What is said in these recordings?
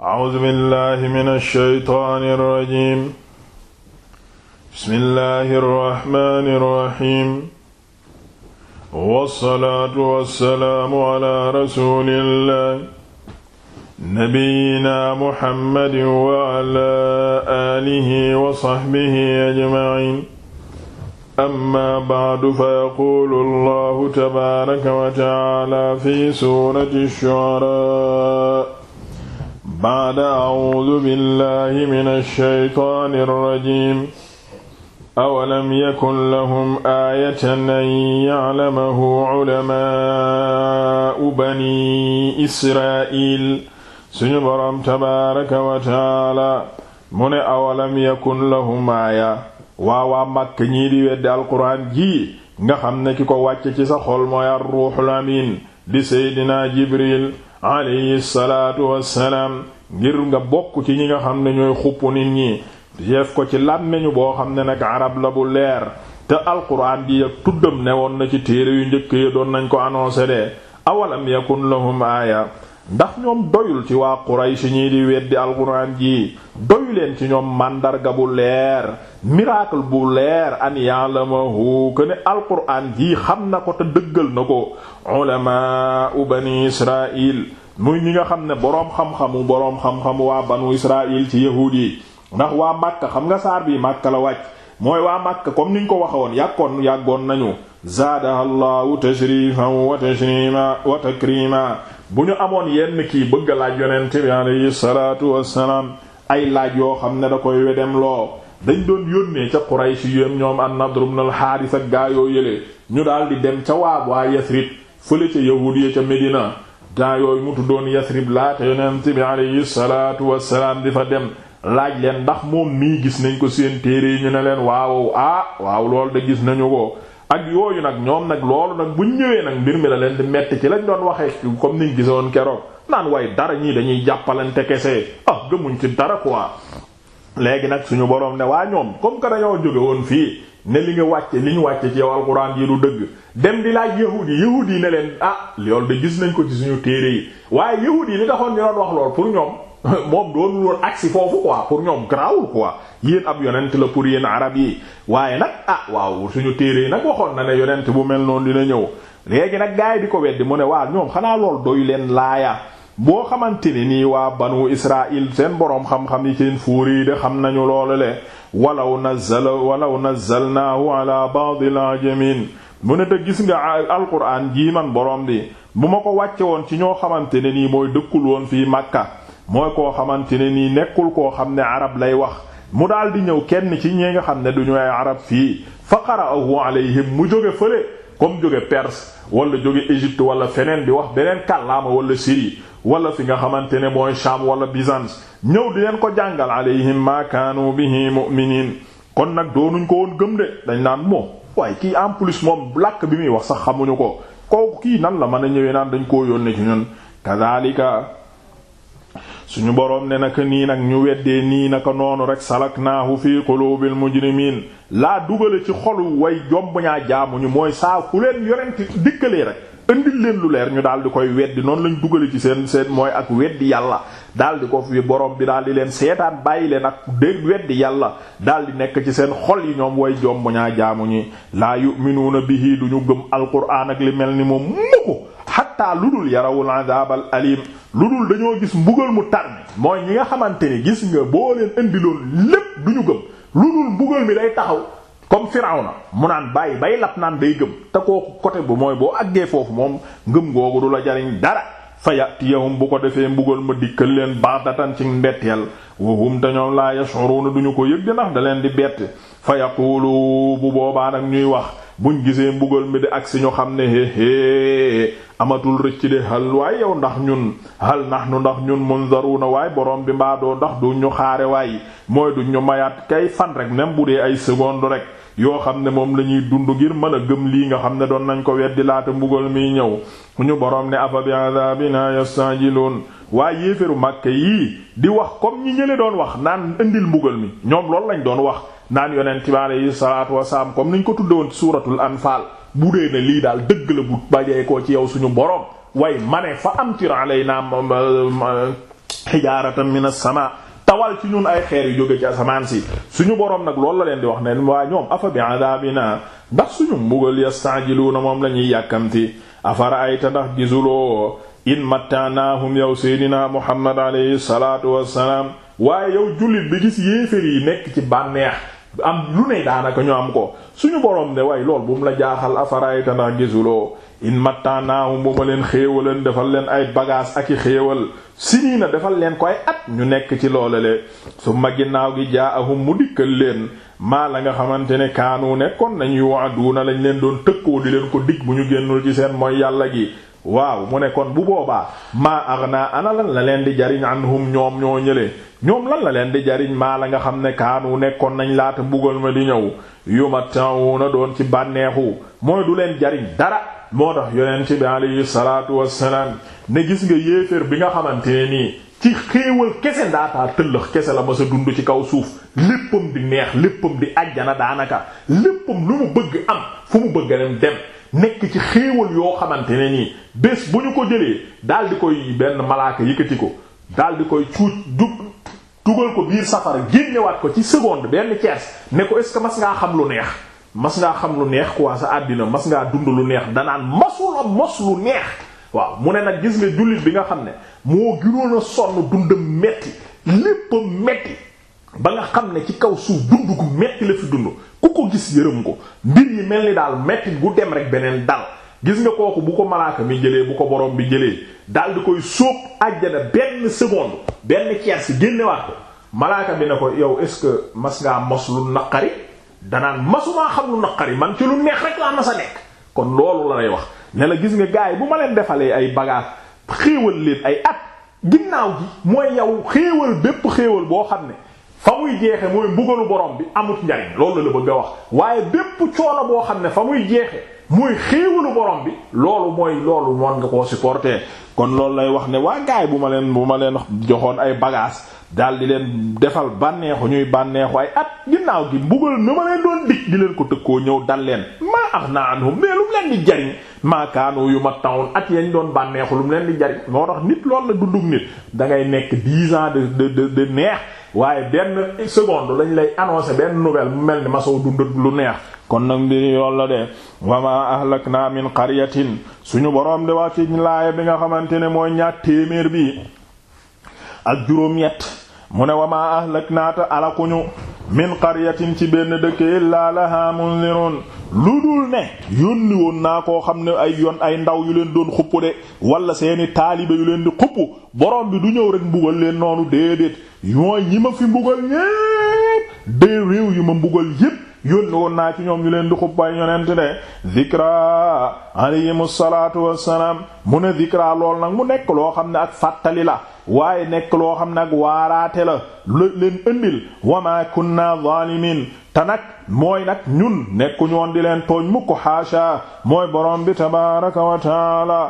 A'uuzu billaahi mina shaytaani rajiim. Bismillaahi rahmaani rahiim. Wassalaatu wassalaamu alaa rasuulillaahi. Nabiyyinaa Muhammadin wa alaa aalihi wa sahbihi ajma'iin. Ammaa ba'du fayaquulu Allaahu tabaaraka wa ta'aalaa fi suurati Shu'araa. baada audu billahi min alshaytaan alrajim awalam yakun lahum aayatan an yaclamahu culamaau bani israil suñu boroom tabaaraka wa taala mu ne awalam yakun lahum aaya waawaa màkk ñii di weddi alquraan ji nga xam ne ki ko wàcc ci sa xol mooy ar ruuxul amiin di seydinaa jibril alayhi salaatu wassalaam ngir nga bokk ci ñi nga xam ne ñooy xupp nit ñi jeef ko ci làmmiñu boo xam ne nag arab la bu leer te alquran ji ak tuddam ne woon na ci téere yu njëkk yi doon nañ ko annoncé de awalam yakun lahum aaya ndax ñoom doyul ci waa Quraysh ñii di weddi alquran ji doyu leen ci ñoom màndarga bu leer miracle bu leer an ya'lamahu que ne alquran jii xam na ko te dëggal na ko ulama bani israil muy ñi nga xam ne boroom xam-xamu boroom xam-xamu waa banu israil ci yahuud ndax waa Makka xam nga saar bii Makka la wàcc mooy waa Makka comme niñ ko waxe woon yàkkoon yàggoon nañu zaadaha llahu tashrifan wa tashrima wa takrima bu ñu amoon yenn kii bëgg laaj yonente bi alayhi salaatu wassalaam ay laaj yoo xam ne da koy wedem loo dañ doon yónnee ca Quraysh yéen ñoom an Nadr ibn al-Haaris ak gaayoo yëlee ñu daal di dem ca waa waa Yasrib fële ca yahud ya ca Medina gaa yooyu mu tuddoon Yasrib laata yonent bi alayhi salaatu wassalaam fa dem laaj leen ndax moom mii gis nañ ko seen téere yi ñu ne leen waaw ah waaw loolu de gis nañu ko ak yooyu nag ñoom nag loolu nag buñ ñëwee nag mbir mi la leen di metti ci lañ doon waxee comme niñ gisoon keroog naan waaye dara ñii dañuy jàppalante kese ah gëmuñ ci dara léegi nag suñu boroom ne waa ñoom comme que dañoo jóge woon fii ne li nga wàcce li ñu wàcce ci yow alxuraan yi lu dëgg dem di laaj yahuud yi yahuud yi ne leen ah loolu de gis nañ ko ci suñu téere yi waaye yahuud yi li taxoon ñu doon wax lool pour ñoom moom doonul woon agsi foofu quoi pour ñoom grawul quoi yéen ab yonent la pour yéen arab yi waaye nag a ah waaw suñu téere yi nag waxoon na ne yonent bu mel noonu dina ñëw léegi nag gaay di ko weddi mu ne waa ñoom xanaa lool doy leen laaya boo xamante ne nii waa banu israil seen boroom xam-xam yi seen fuuri yi de xam nañu loolu le walaw nazzal walaw nazzalnaahu ala ba'dil ajamin mu ne te gis nga alquran jii man boroom bi mu ma ko wàcce woon ci ñoo xamante ne nii mooy dëkkul woon fii Makka mooy koo xamante ne nii nekkul koo xam ne arab lay wax mu daal di ñëw kenn ci ñi nga xam ne duñu ay arab fii fa qara'ahu alayhim mu jóge fële comme jóge Perse wala jóge Égypte wala feneen bi wax beneen kàllaama wala Syrie wala fi nga xamante ne mooy Sham wala Byzance ñëw di leen ko jàngal alayhim ma kaanu bihi mu'minin kon nag doonuñ ko woon gëm de dañ naan moom waaye kii en plus moom làkk bi muy wax sax xamuñu ko kooku kii nan la mën a ñëwee naan dañ koo yónnee ci ñun kadhalika suñu boroom ne naka nii nag ñu weddee nii naka noonu rek salaknaahu fii qulubil mujrimin laa dugale ci xolu way jomb ñaa jaamuñu mooy saa ku leen yorenti dikkalee rek indil leen lu leer ñu daal di koy weddi noonu lañ dugale ci seen seen mooy ak weddi yàlla daal di ko fi boroom bi daal di leen seetaan bàyyi leen ak dégg weddi yàlla daal di nekk ci seen xol yi ñoom way jomb ñaa jaamu ñi laa yu'minuuna bihi du ñu gëm alquraan ak li mel ni moom mukk xatta lu dul yarawul adabal alim lu dul dañoo gis mbugal mu tar mi mooy ñi nga xamante ni gis nga boo leen indiloon lépp du ñu gëm lu dul mbugal mi day taxaw comme Firawna mu naan bàyyi bay lap naan day gëm te kooku côté bu mooy boo àggee foofu moom ngëm googu du la jariñ dara fa yatiyahum bu ko defee mbugal ma dikkal leen baxdatan ci mbetteel wahum te ñoom laa yashuruna duñu ko yëg ndax da leen di bett fa yaqulu bu boobaa nag ñuy wax buñ gisee mbugal mi di ak si ñu xam ne héehée amatul rëcc de hal waay yow ndax ñun hal nu ndax ñun na waaye boroom bi mbaa doo ndax duñ ñu xaare waay mooy du ñu mayaat kay fan rek même bu dee ay seconde rek yoo xam ne moom la ñuy dund ngir mën a gëm lii nga xam ne doon nañ ko weddi laata mbugal mi ñëw ñu boroom ne afa bi adabina yastajiluun waaye yéeféru màkke yii di wax comme ñi ñële doon wax naan indil mbugal mi ñoom loolu lañ doon wax naan yonent bi yi salaatu wasalaam comme niñ ko tuddewoon ci suuratul anfaal bu dee lii daal dëgg la bu bajee ko ci yow suñu boroom way mane fa amtir alay naa xijaaratan min as tawal ci ñun ay xeer yu jóge ci asamaan si suñu boroom nag loolu la leen di wax ne waa ñoom afa bi adabina ndax suñu mbugal yastajiluuna moom la ñuy yàkkamti afara ay ta ndax gisuloo in mattanaahum yow seydinaa muhammad alayhi salaatu wassalaam waaye yow jullit bi gis yéefér yi nekk ci bànneex am lu ne daanaka ñu am ko suñu borom de way lool bu mu la jaaxal afarayta ndax gisuloo in mattanaahum bu ma leen xéewalan defal leen ay bagaas ak i xéewal sinii na defal leen koy at ñu nekk ci loolale su ma ginnaaw gi jaa ahum mu dikkal leen maa la nga xamante ne kaanu nekkoon nañuy waaduna lañ leen doon tëkkoo di leen ko dig bu ñu génnul ci seen mooy yàlla gi waaw mu ne kon bu boobaa maa aghnaa ana lan la leen di jariñ anhum ñoom ñoo ñëlee ñoom lan la leen di jariñ maa la nga xam ne kaanu nekkoon nañ laata mbugal ma di ñëw ma na doon ci bànneexu mooy du leen jariñ dara moo tax yonent bi alayhi salaatu wassalaam ne gis nga yéeféer bi nga xamante ne nii ci xéewal kese ndaataa tëllëx kese la ma sa dund ci kaw suuf léppam di neex léppam di ajjana daanaka léppam lu mu bëgg am fu mu bëgg dem dem nekk ci xéewal yoo xamante ne nii bés bu ñu ko jëlee daal di koy benn malaaka yëkkati ko daal di koy cuuc dug dugal ko biir safara génnewaat ko ci seconde benn tiers ne ko est mas ngaa xam lu neex mas ngaa xam lu neex quoi sa àddina mas ngaa dund lu neex danaan masula mos lu neex waaw mu ne nag gis nga jullit bi nga xam ne moo gënoon a sonn dundam metti léppam metti ba nga xam ne ci kaw suuf dund gu metti la fi dund ku ko gis yërëm ko mbir yi mel ni daal metti gu dem rek beneen dal gis nga kooku bu ko malaaka mi jëlee bu ko borom bi jëlee daal di koy sóob àjjana benn seconde benn ceer si génnewaat ko malaaka bi ne ko yow est-ce que mas ngaa mos lu naqari danaan masumaa xam lu naqari man ci lu neex rek laa mas a nekk kon loolu la lay wax ne la gis nga gaay bu ma leen defalee ay bagage xéewal leen ay at ginnaaw gi mooy yow bépp xéewal boo xam ne fa muy jeexe mooy mbugalu borom bi amut njariñ loolu la bëgg a wax waaye bépp coono boo xam ne fa muy jeexe mooy xéewalu borom bi loolu mooy loolu moon nga koo supporter kon loolu lay wax ne waa gaay bu ma leen bu ma leen joxoon ay bagages daal di leen defal bànneexu ñuy bànneexu at ginnaaw gi mbugal na ma di leen ko tëkkoo ñëw dal leen maa ax na anhum mais lu jariñ maakaanu yu ma tawoon at yañ doon bànneexu lu mu leen di jariñ moo tax nit loolu la dundug nit da ngay nekk dix ans de de de neex waaye benn seconde lañ lay annoncer benn nouvelle mu mel ni ma soo dund lu neex kon nag mbiri yoon la de wama ahlakna min qaryatin suñu boroom de wax ci laaya bi nga xamante ne mooy ñaar téeméer bi ak juróom-ñett mu ne wama ahlakna ta alakuñu min qaryatin ci benn dëkk illaa laha munzirun lu dul ne yónni woon naa koo xam ne ay yoon ay ndaw yu leen doon xuppu de wala seeni taalibe yu leen di xuppu boroom bi du ñëw rek mbugal leen noonu déedéet mooy ñi ma fi mbugal ñépp dee réew yi ma mbugal yépp yónni woon naa ci ñoom ñu leen di xuppaay yonent de zikra alayhimu salaatu wassalaam mu ne zikra lool nag mu nekk loo xam ne ak fàttali la waaye nekk loo xam ne ak waaraate la lu leen ëndil wa ma kunna zalimin te nag mooy nag ñun nekkuñu woon di leen tooñ mukk xaasha mooy borom bi tabaaraka wa taala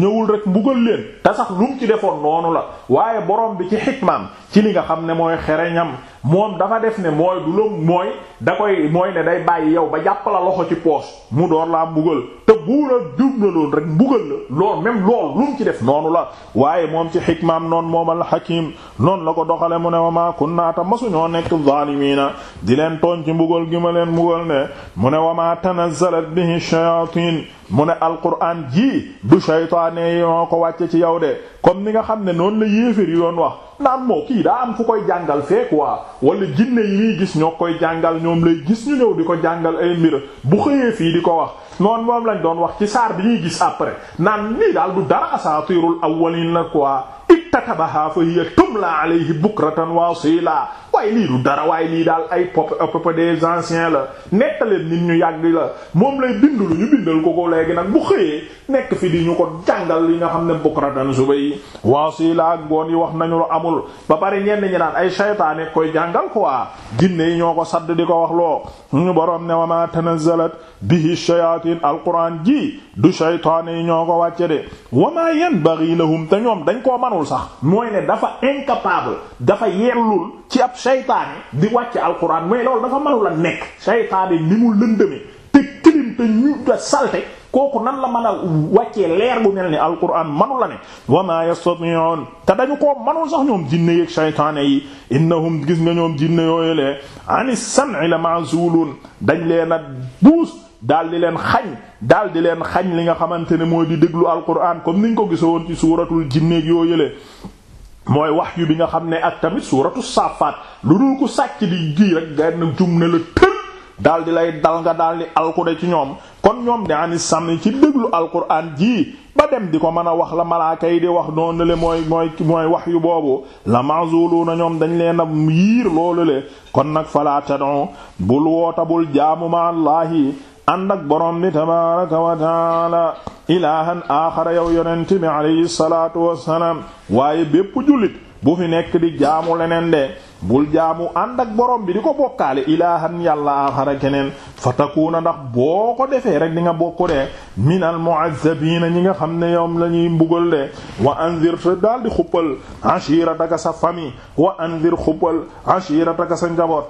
ñëwul rek mbugal leen te sax lu ci defoon noonu la waaye borom bi ci xikmaam ci li nga xam ne mooy xereñam moom dafa def ne mooy du la mooy da koy mooy ne day bàyyi yow ba jàpp la loxo ci poos mu door laa mbugal te bu la jubnaloon rek mbugal la lool même lool lu mu ci def noonu la waaye moom ci xikmaam noonu moom alxakim noonu la ko doxale mu ne wa maa ma ta masuñoo nekk zaalimiina di leen tooñ ci mbugal gi ma leen mbugal ne mu ne wa maa tanazzalat bihi shayatin mu ne alquraan ji du shaytaane yi ñoo ko wàcce ci yow de comme ni nga xam ne noonu la yéefér yi doon wax naan moo kii daa am ku koy jàngal fee quoi wala jinne yi muy gis ñoo koy jàngal ñoom lay gis ñu ñëw di ko jàngal ay mbir bu xëyee fii di ko wax noonu moom lañ doon wax ci saar bi ñuy gis après naan lii daal du dara asatirul awwalin la quoi katabaha fa hiya tumla alayhi bukratan wasila waaye lii du dara waaye lii daal ay pop pop des anciens la nettaleen nit ñu yàgg la moom lay bind lu ñu bindal ko ko léegi nag bu xëyee nekk fi di ñu ko jàngal yi nga xam ne bukratan suba yi wasila ak goon yi wax nañu lu amul ba pare ñenn ñi naan ay shaytaane koy jàngal quoi jinne yi ñoo ko sadd di ko wax loo ñu boroom ne wa ma tanazzalat bihi shayatin alquran ji du shaytaane yi ñoo ko wàcce mooy ne dafa incapable dafa yellul ci ab seytaane di wàcc alquran mooy loolu dafa mënul a nekk seytaane ni mu lëndëme te da salte kooku nan la mën a wàccee leer bu mel ni alquran manu la ne wa ma yastati'un te dañu koo manul sax ñoom jinne yeeg shaytaane yi innahum gis nga ñoom jinne yooyu lee ani sam'i la ma'zulun dañ leen a daal di leen xañ daal di leen xañ li nga xamante ne mooy di déglu alquran comme niñ ko gisoon ci suuratul jinne yoo yële mooy wax yu bi nga xam ne ak tamit suuratu saafaat lu dul ku sàcc di ji rek genn jum la tër daal di lay dal nga daal di alkude ci ñoom kon ñoom daani sàmni ci déglu alquran ji ba dem di ko mën a wax la malaaka yi di wax noonu le mooy mooy mooy wax yu boobu la mazuluna ñoom dañ leen a yiir loolu le kon nag fala tadon bul woota bul jaamu ma allahi ànd ak borom bi tabaraka wa taala ilaahan aaxara yow yonent bi alayhi waaye bépp jullit bu fi nekk di jaamu leneen de bul jaamu ànd ak borom bi di ko bokkaale ilaahan yàlla aaxara keneen fa fatakuuna ndax boo ko defee rek di nga bokku de minal mu'azzabiina ñi nga xam ne yoom la ñuy mbugal de wa anzir te daal di xuppal ashirataka sa fami wa anzir xuppal ashirataka sa njaboot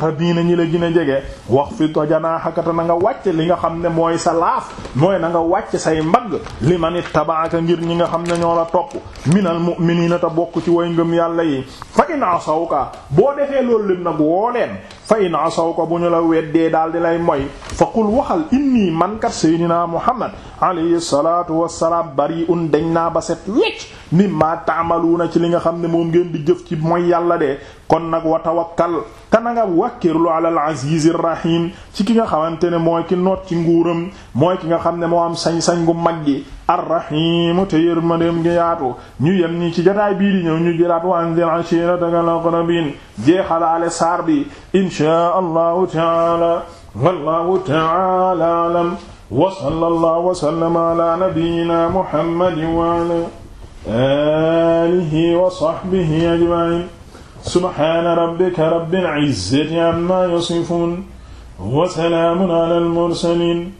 aqrabiina ñi la gën a jege wax fi janaahaka te na nga wàcc li nga xam ne mooy sa laaf mooy na nga wàcc say mbagg li man ittabaaka ngir ñi nga xam ne ñoo la topp minal mu'miniina te bokk ci way ngëm yàlla yi fa in asawka boo defee loolu lim nag woo leen fa naa asaw ko bu ñu la weddee daal di lay moy fa qul waxal inni man kat seydinaa muhammad alayhi salaatu wassalaam bari'un dañ naa ba set wecc mimma taamaluuna ci li nga xam ne moom ngeen di jëf ci mooy yàlla de kon nag wa tawakkal te na nga wàkkirlu ala al-aziizir ci ki nga xamante ne mooy ki noot ci nguuram mooy ki nga xam ne moo am sañ-sañ gu mag gi arrahimu te yërmandeem gi yaatu ñu yem ñi ci jotaay bii di ñëw ñu jëlaat wa anzir ashiratakal aqrabin jeexalaale saar bi inshaa allahu taala wallahu taala alam wa sallallahu wa sallama ala nabiyyina muhammadin wa ala alihi wa sahbihi ajma'in subhana rabbika rabbil izzati amma yasifun wa salamun ala al mursalin